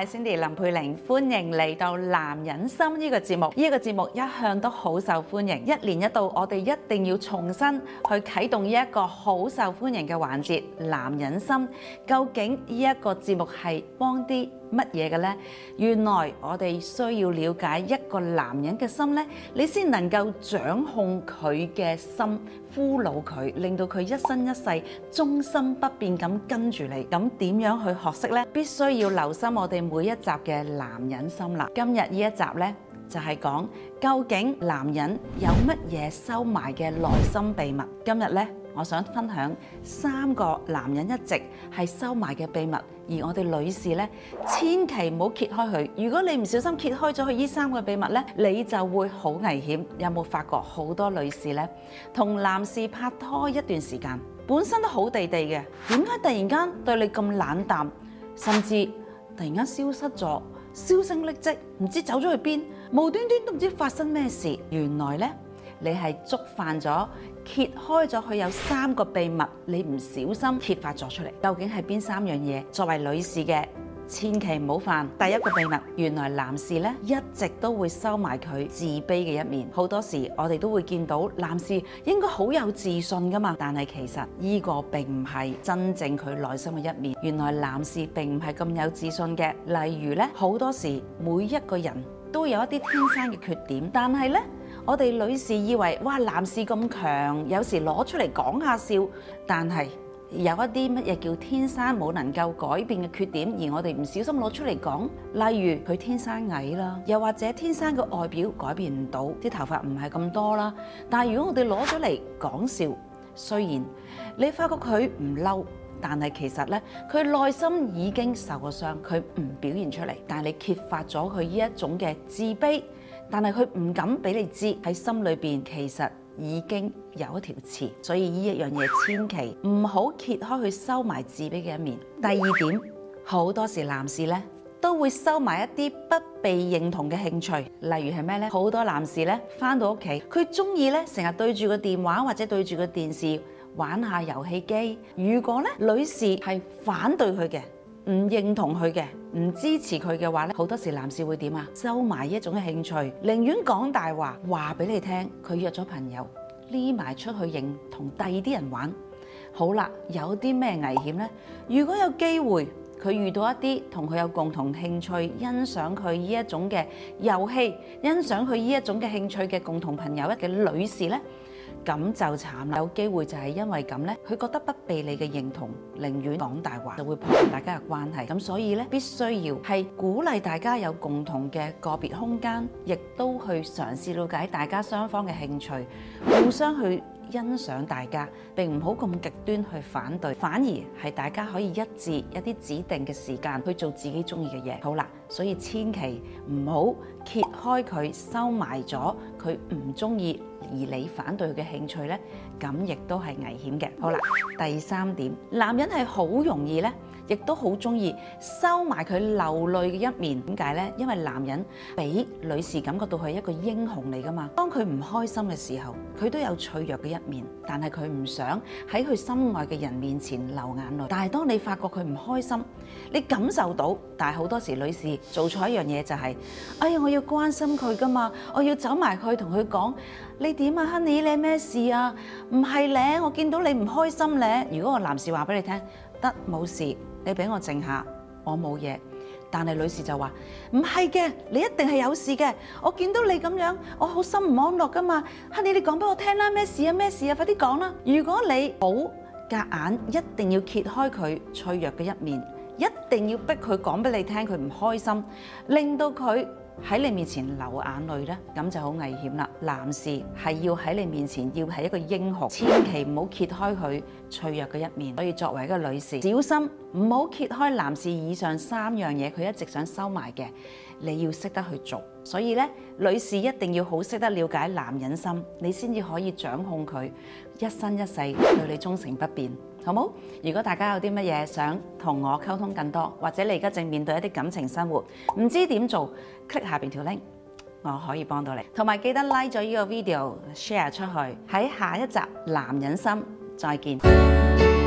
.我係 Cindy，林佩玲，歡迎嚟到《男人心》呢個節目。呢個節目一向都好受歡迎，一年一度，我哋一定要重新去啟動呢一個好受歡迎嘅環節《男人心》。究竟呢一個節目係幫啲乜嘢嘅咧？原來我哋需要了解一個男人嘅心咧，你先能夠掌控佢嘅心，俘虜佢，令到佢一生一世忠心不變咁跟住你。咁點樣去學識咧？必須要留心我哋。每一集嘅男人心啦，今日呢一集咧就係講究竟男人有乜嘢收埋嘅內心秘密。今日咧，我想分享三個男人一直係收埋嘅秘密，而我哋女士咧，千祈唔好揭開佢。如果你唔小心揭開咗佢呢三個秘密咧，你就會好危險。有冇發覺好多女士咧同男士拍拖一段時間，本身都好地地嘅，點解突然間對你咁冷淡，甚至，突然間消失咗，銷聲匿跡，唔知走咗去邊，無端端都唔知發生咩事。原來呢，你係觸犯咗，揭開咗佢有三個秘密，你唔小心揭發咗出嚟。究竟係邊三樣嘢？作為女士嘅。千祈唔好犯。第一個秘密，原來男士呢一直都會收埋佢自卑嘅一面。好多時我哋都會見到男士應該好有自信㗎嘛，但係其實呢個並唔係真正佢內心嘅一面。原來男士並唔係咁有自信嘅。例如呢，好多時每一個人都有一啲天生嘅缺點，但係呢，我哋女士以為，嘩，男士咁強，有時攞出嚟講下笑，但係。有一啲乜嘢叫天生冇能夠改變嘅缺點，而我哋唔小心攞出嚟講，例如佢天生矮啦，又或者天生嘅外表改變唔到，啲頭髮唔係咁多啦。但係如果我哋攞咗嚟講笑，雖然你發覺佢唔嬲，但係其實呢，佢內心已經受過傷，佢唔表現出嚟，但係你揭發咗佢呢一種嘅自卑，但係佢唔敢俾你知喺心裏邊其實。已經有一條刺，所以呢一樣嘢千祈唔好揭開去收埋自卑嘅一面。第二點，好多時男士呢都會收埋一啲不被認同嘅興趣，例如係咩呢？好多男士呢翻到屋企，佢中意呢成日對住個電話或者對住個電視玩下遊戲機。如果呢女士係反對佢嘅，唔認同佢嘅，唔支持佢嘅話咧，好多時男士會點啊？收埋呢一種嘅興趣，寧願講大話話俾你聽。佢約咗朋友匿埋出去，認同第二啲人玩。好啦，有啲咩危險呢？如果有機會，佢遇到一啲同佢有共同興趣、欣賞佢呢一種嘅遊戲、欣賞佢呢一種嘅興趣嘅共同朋友嘅女士呢。咁就慘，有機會就係因為咁咧，佢覺得不被你嘅認同，寧願講大話，就會破壞大家嘅關係。咁所以咧，必須要係鼓勵大家有共同嘅個別空間，亦都去嘗試了解大家雙方嘅興趣，互相去欣賞大家，並唔好咁極端去反對，反而係大家可以一致一啲指定嘅時間去做自己中意嘅嘢。好啦，所以千祈唔好揭開佢收埋咗佢唔中意。而你反對佢嘅興趣呢，咁亦都係危險嘅。好啦，第三點，男人係好容易呢，亦都好中意收埋佢流淚嘅一面。點解呢？因為男人俾女士感覺到佢係一個英雄嚟噶嘛。當佢唔開心嘅時候，佢都有脆弱嘅一面，但係佢唔想喺佢心愛嘅人面前流眼淚。但係當你發覺佢唔開心，你感受到，但係好多時女士做錯一樣嘢就係，哎呀，我要關心佢噶嘛，我要走埋去同佢講呢。點啊，h o n e y 你咩事啊？唔係咧，我見到你唔開心咧。如果個男士話俾你聽，得冇事，你俾我靜下，我冇嘢。但係女士就話唔係嘅，你一定係有事嘅。我見到你咁樣，我好心唔安樂噶嘛。Honey，你講俾我聽啦，咩事啊？咩事啊？快啲講啦！如果你好夾硬，一定要揭開佢脆弱嘅一面，一定要逼佢講俾你聽佢唔開心，令到佢。喺你面前流眼淚咧，咁就好危險啦。男士係要喺你面前要係一個英雄，千祈唔好揭開佢脆弱嘅一面。所以作為一個女士，小心。唔好揭開男士以上三樣嘢，佢一直想收埋嘅，你要識得去做。所以咧，女士一定要好識得了解男人心，你先至可以掌控佢一生一世對你忠誠不變，好冇？如果大家有啲乜嘢想同我溝通更多，或者你而家正面對一啲感情生活，唔知點做，click 下邊條 link，我可以幫到你。同埋記得 like 咗呢個 video share 出去。喺下一集男人心，再見。